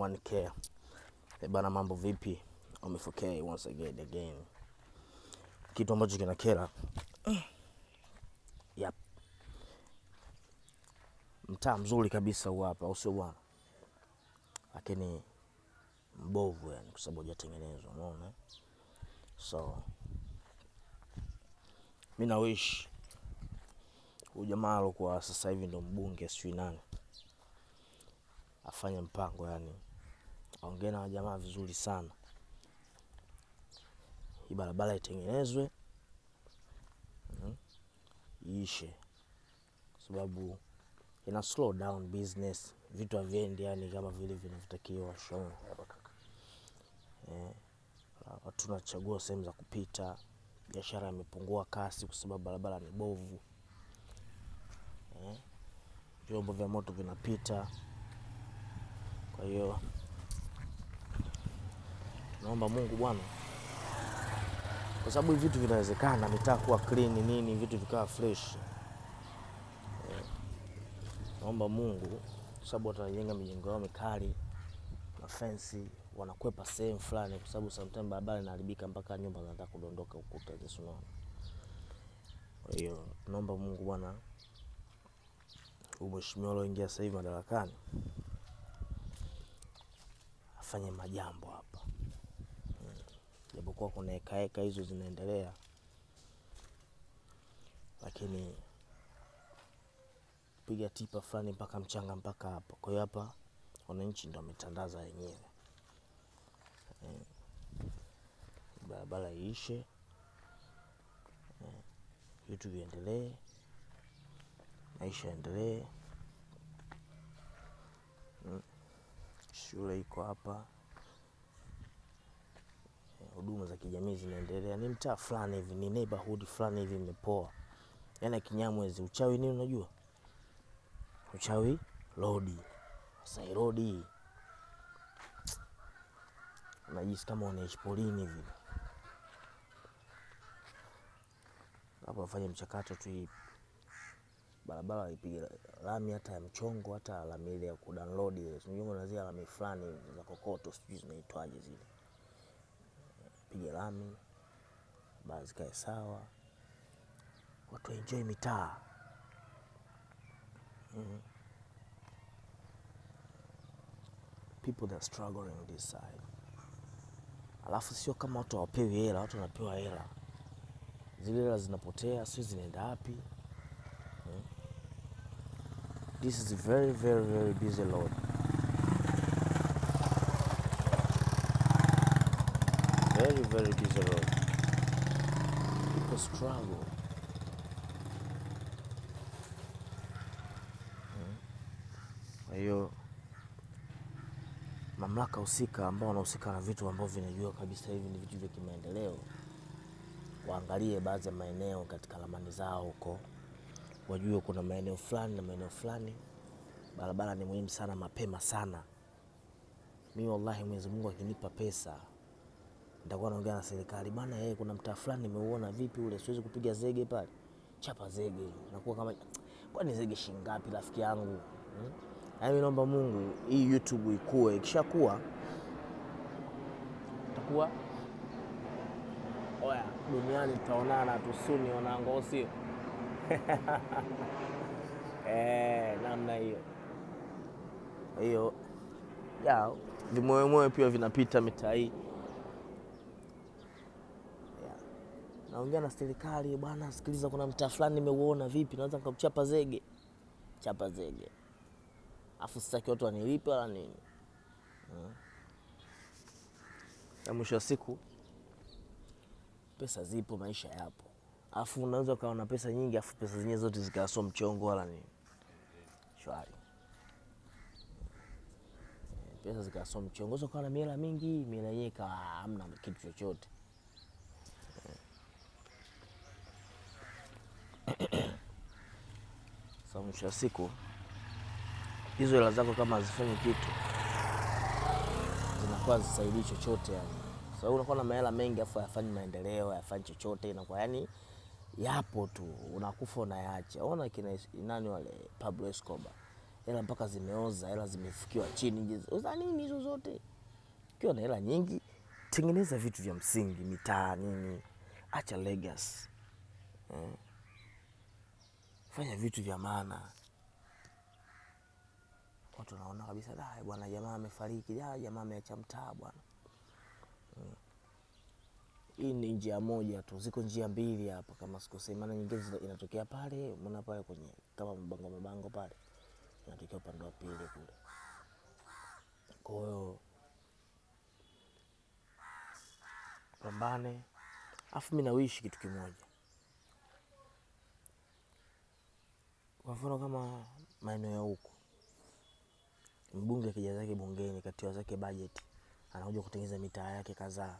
1K. E eh, bana, mambo vipi? I'm k once again again. Kitu ambacho kinakera yep. Mtaa mzuri kabisa huu hapa, au sio bwana? Lakini mbovu yani, kwa sababu hajatengenezwa, unaona. So mi nawish huyu jamaa alokuwa sasa hivi ndo mbunge sijui nani afanye mpango yani aongee na wajamaa vizuri sana. Hii barabara itengenezwe mhm. iishe, kwa sababu ina slow down business, vitu haviendi yani kama vile vinavyotakiwa shon eh, watu tunachagua sehemu za kupita, biashara imepungua kasi kwa sababu barabara ni bovu eh, vyombo vya moto vinapita, kwa hiyo naomba Mungu bwana, kwa sababu hivi vitu vinawezekana, mitaa kuwa clean nini, vitu vikawa fresh. Naomba Mungu, kwa sababu watajenga mijengo yao mikali na wanakwepa sehemu fulani, kwa sababu sometimes barabara inaharibika mpaka nyumba zinataka kudondoka ukuta. Kwa hiyo naomba Mungu bwana, mheshimiwa alioingia sasa hivi madarakani afanye majambo hapa japokuwa kuna hekaheka hizo zinaendelea, lakini piga tipa fulani mpaka mchanga mpaka hapa. Kwa hiyo hapa wananchi ndo wametandaza wenyewe e, barabara iishe e, vitu viendelee, maisha yaendelee. Hmm. Shule iko hapa. jamii zinaendelea, ni mtaa fulani hivi, ni neighborhood fulani hivi imepoa. Yaani Kinyamwezi uchawi nini unajua? Uchawi rodi. Sasa kama unaishi hivi. Hapo mchakato tu hii barabara waipige lami hata ya mchongo hata lami ile ya kudownload ile. Sijui unazia lami fulani za kokoto sijui zinaitwaje zile upige lami, baa zikae sawa, watu waenjoi mitaa mm. people that struggling this side. Alafu sio kama watu hawapewi hela, watu wanapewa hela, zile hela zinapotea, sio zinaenda wapi? mm. This is a very very very busy lord very very miserable. People struggle. Hmm. Kwa hiyo mamlaka husika ambao wanahusika na vitu ambavyo vinajua kabisa hivi ni vitu vya kimaendeleo, waangalie baadhi ya maeneo katika ramani zao huko, wajue kuna maeneo fulani na maeneo fulani barabara ni muhimu sana mapema sana. Mimi wallahi, Mwenyezi Mungu akinipa pesa nitakuwa naongea na serikali bana, yeye kuna mtaa fulani nimeuona, vipi ule, siwezi kupiga zege pale, chapa zege. Nakuwa kama kwani zege shingapi rafiki yangu hmm? Yaani mimi naomba Mungu hii YouTube ikue, ikishakuwa takuwa oya duniani, tutaonana tusuni wanangu, sio eh, namna hiyo hiyo ya vimoyomoyo pia vinapita mitaa hii. naongea na serikali bwana, sikiliza, kuna mtaa fulani nimeuona, vipi naweza nikamchapa zege? Chapa zege, afu sitaki watu wanilipe wala nini. Hmm. Na mwisho wa siku pesa zipo, maisha yapo, afu unaweza ukawa na pesa nyingi, afu pesa zenyewe zote zikawa sio mchongo wala nini, shwari pesa zikawa sio mchongo, ukawa na miela mingi, miela yenyewe ikawa hamna kitu chochote. Sababu mwisho ya siku hizo hela zako kama hazifanyi kitu zinakuwa zisaidii chochote yani. Sababu so, unakuwa na mahela mengi afu hayafanyi maendeleo, hayafanyi chochote, inakuwa yani yapo tu, unakufa unayaacha. Ona kina nani wale Pablo Escobar, hela mpaka zimeoza, hela zimefukiwa chini. Uza nini hizo zote? Ukiwa na hela nyingi, tengeneza vitu vya msingi, mitaa nini, acha legacy. Hmm anafanya vitu vya maana. Watu wanaona kabisa da, ah, bwana jamaa amefariki, da, ah, jamaa ameacha mtaa bwana. Mm. Hii ni njia moja tu, ziko njia mbili hapa kama sikosei, maana nyingine inatokea pale, mbona pale kwenye kama mabango mabango pale inatokea upande wa pili kule. Kwa hiyo pambane, afu mimi nawishi kitu kimoja Kwa mfano kama maeneo ya huko, mbunge akija zake bungeni, katiwa zake bajeti, anakuja kutengeneza mitaa yake kadhaa,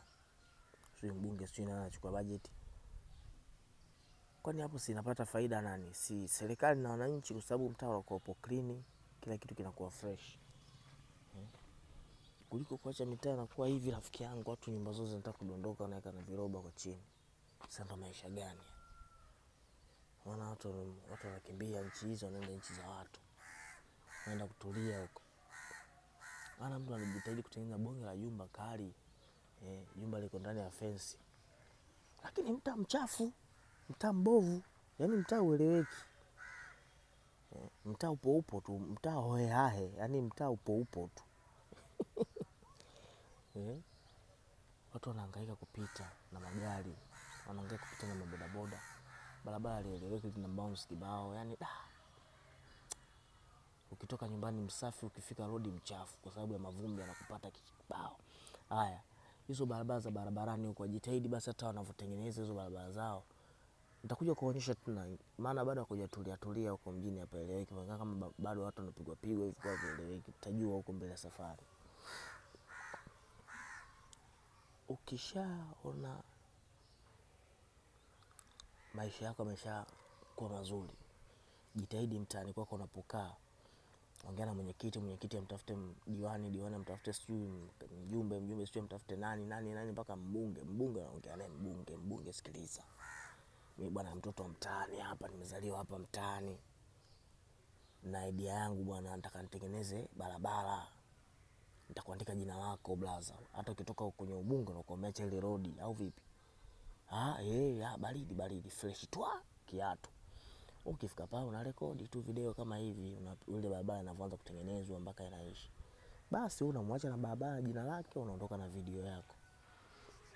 sio mbunge sio nani anachukua bajeti. Kwani hapo si napata faida nani? Si serikali na wananchi, kwa sababu mtaa unakuwapo clean, kila kitu kinakuwa fresh hmm. kuliko kuacha mitaa inakuwa hivi. Rafiki yangu, watu nyumba zote zinataka kudondoka, wanaweka na viroba kwa chini. Sasa ndo maisha gani? Maana watu wanakimbia nchi hizo, wanaenda nchi za watu, wanaenda kutulia huko. Maana mtu anajitahidi kutengeneza bonge la jumba kali, eh, jumba liko ndani ya fensi, lakini mtaa mchafu, mtaa mbovu, yani mtaa ueleweki, eh, mtaa upo upo tu, mtaa hohehahe, yani mtaa upo upo tu eh, watu wanahangaika kupita na magari, wanahangaika kupita na mabodaboda barabara lieleweke, lina bounce kibao, yani da. Ukitoka nyumbani msafi, ukifika rodi mchafu, kwa sababu ya mavumbi yanakupata kibao. Haya, hizo barabara za barabarani huko, jitahidi basi hata wanavyotengeneza hizo barabara zao nitakuja kuonyesha tuna maana bado hakujatulia tulia huko mjini hapa, eleweki kama bado watu wanapigwa pigwa hivi kwa eleweki, tutajua huko mbele ya safari ukishaona maisha yako yamesha kuwa mazuri. Jitahidi mtaani kwako unapokaa, ongea na mwenyekiti, mwenyekiti amtafute diwani, diwani amtafute sijui mjumbe, mjumbe sijui amtafute nani nani nani, mpaka mbunge, mbunge unaongea naye mbunge, mbunge sikiliza, mi bwana mtoto wa mtaani hapa, nimezaliwa hapa mtaani na idea yangu bwana, nataka nitengeneze barabara, nitakuandika jina lako blaza, hata ukitoka kwenye ubunge nakuomeacha ile rodi, au vipi? Ah, eh, ah, baridi baridi fresh twa kiatu. Ukifika pale una rekodi tu video kama hivi, una ile barabara inavyoanza kutengenezwa mpaka inaisha. Basi wewe unamwacha na barabara jina lake, unaondoka na video yako.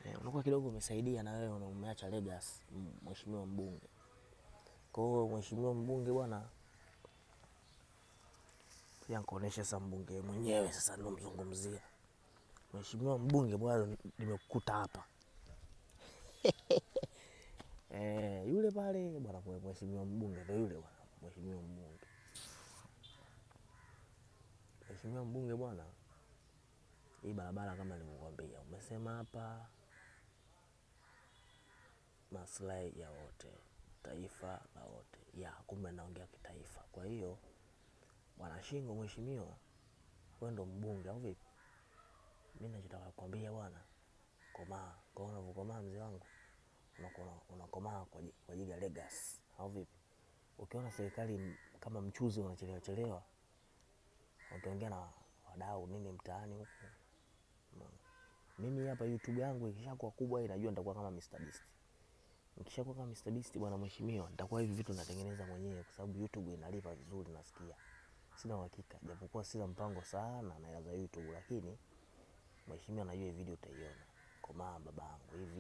Eh, unakuwa kidogo umesaidia na wewe umeacha legacy, mheshimiwa mbunge. Kwa hiyo mheshimiwa mbunge bwana, pia nikuonesha sasa mbunge mwenyewe sasa ndio mzungumzia. Mheshimiwa mbunge bwana, nimekukuta hapa. Eh, yule pale bwana, mheshimiwa mbunge ndio yule bwana, mheshimiwa mbunge, mheshimiwa mbunge bwana, hii barabara kama nilivyokuambia, umesema hapa maslahi ya wote, taifa la wote, ya kumbe naongea kitaifa. Kwa hiyo bwana Shingo, mheshimiwa, wewe ndo mbunge au vipi? Mimi nachotaka kukwambia bwana, komaa, kwa unavyokomaa mzee wangu unakomaa kwa ajili ya legacy au vipi? Ukiona serikali kama mchuzi unachelewa chelewa, ukiongea na wadau nini mtaani huko, mimi hapa YouTube yangu ikishakuwa kubwa hii, najua nitakuwa kama Mr Beast. Nikishakuwa kama Mr Beast, bwana mheshimiwa, nitakuwa hivi vitu natengeneza mwenyewe, kwa sababu YouTube inalipa vizuri, nasikia. Sina uhakika, japokuwa sina mpango sana na za YouTube, lakini mheshimiwa, najua hii video utaiona. Komaa babangu hivi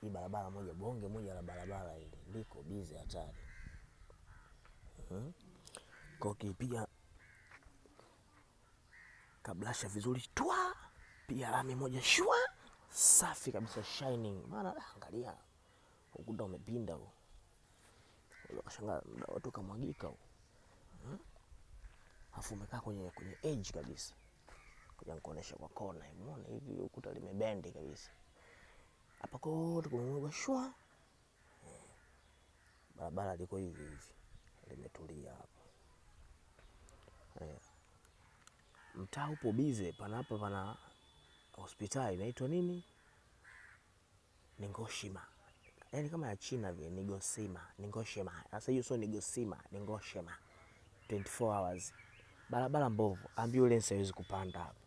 hii barabara moja bonge moja la barabara hili liko bize hatari. Hmm. Kwa kipiga kablasha vizuri twa, pia lami moja shwa safi kabisa shining. Maana ah, angalia ukuta umepinda huu, kashangaa watu kamwagika huu, hmm? afu umekaa kwenye kwenye edge kabisa. Kuja nikuonesha kwa kona, muone hivi ukuta limebendi kabisa hapa kote kumemwagwa shwa. Barabara liko hivi hivi, limetulia hapa e. Mtaa upo bize, pana hapa pana hospitali inaitwa nini, Ningoshima, yaani kama ya China vile, Nigosima Ningoshima. Sasa hiyo sio Nigosima, Ningoshima 24 hours, barabara mbovu, ambulance haiwezi kupanda hapa.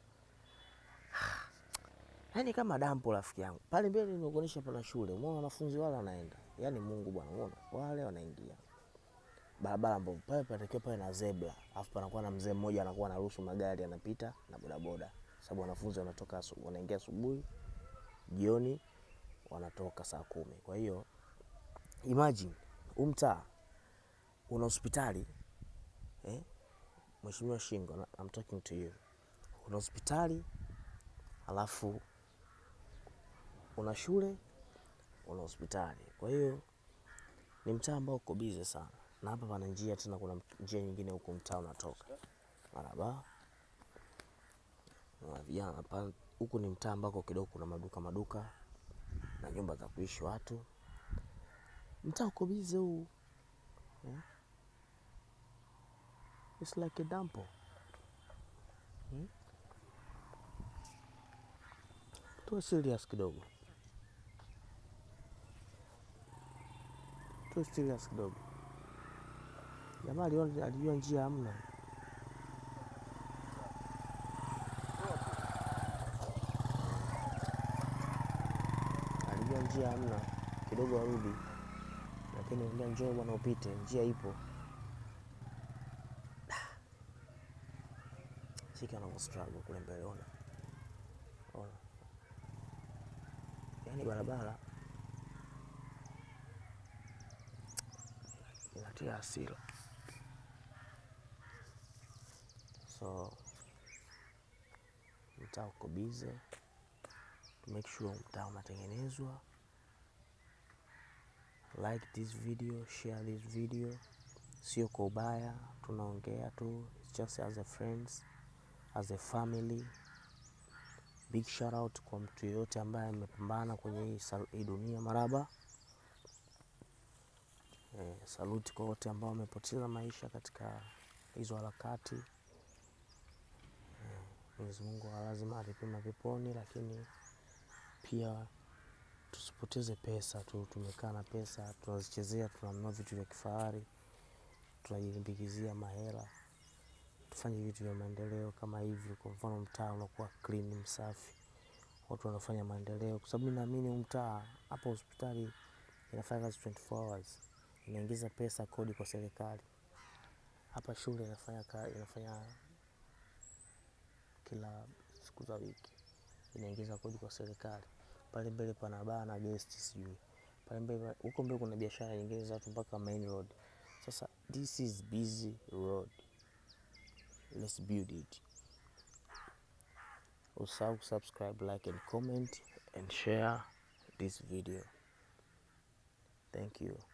Yaani kama dampo rafiki yangu. Pale mbele nimekuonesha pana shule. Umeona wanafunzi wale wanaenda. Yaani Mungu bwana, umeona? Wale wanaingia. Barabara ambapo pale patakiwa pale na zebra. Alafu panakuwa na mzee mmoja anakuwa anaruhusu magari yanapita na bodaboda. Sababu wanafunzi wanatoka asubuhi, wanaingia asubuhi, jioni wanatoka saa kumi. Kwa hiyo imagine huu mtaa una hospitali eh? Mheshimiwa Shingo, I'm talking to you. una hospitali alafu una shule, una hospitali. Kwa hiyo ni mtaa ambao uko bize sana, na hapa pana njia tena, kuna njia nyingine huko mtaa unatoka maraba na huku. Ni mtaa ambako kidogo kuna maduka maduka na nyumba za kuishi watu. Mtaa uko bize huu yeah. It's like a dump. hmm? Tu serious kidogo. tu serious kidogo. Jamaa aliona alijua njia hamna. Alijua njia hamna kidogo, arudi lakini ndio njoo bwana, upite njia ipo. Shika na struggle kule mbele, ona ona, yaani barabara ya hasira. So mtaa uko bize, make sure mtaa unatengenezwa. Like this video, share this video. Sio kwa ubaya, tunaongea tu, it's just as a friends, as a family. Big shout out kwa mtu yoyote ambaye amepambana kwenye hii dunia maraba. E, saluti kwa wote ambao wamepoteza maisha katika hizo harakati. Eh, Mwenyezi Mungu lazima alipima viponi, lakini pia tusipoteze pesa tu. Tumekaa na pesa tunazichezea, tunanunua vitu vya kifahari, tunajilimbikizia mahela. Tufanye vitu vya maendeleo kama hivyo. Kwa mfano, mtaa unakuwa clean, msafi, watu wanafanya maendeleo, kwa sababu naamini mtaa hapa hospitali inafanya kazi 24 hours inaingiza pesa kodi kwa serikali. Hapa shule inafanya inafanya kila siku za wiki inaingiza kodi kwa serikali. Pale mbele pana baa na guest sijui pale mbele, huko mbele kuna biashara nyingine za watu mpaka main road. Sasa this is busy road, let's build it. Usisahau subscribe, like and comment and share this video. Thank you.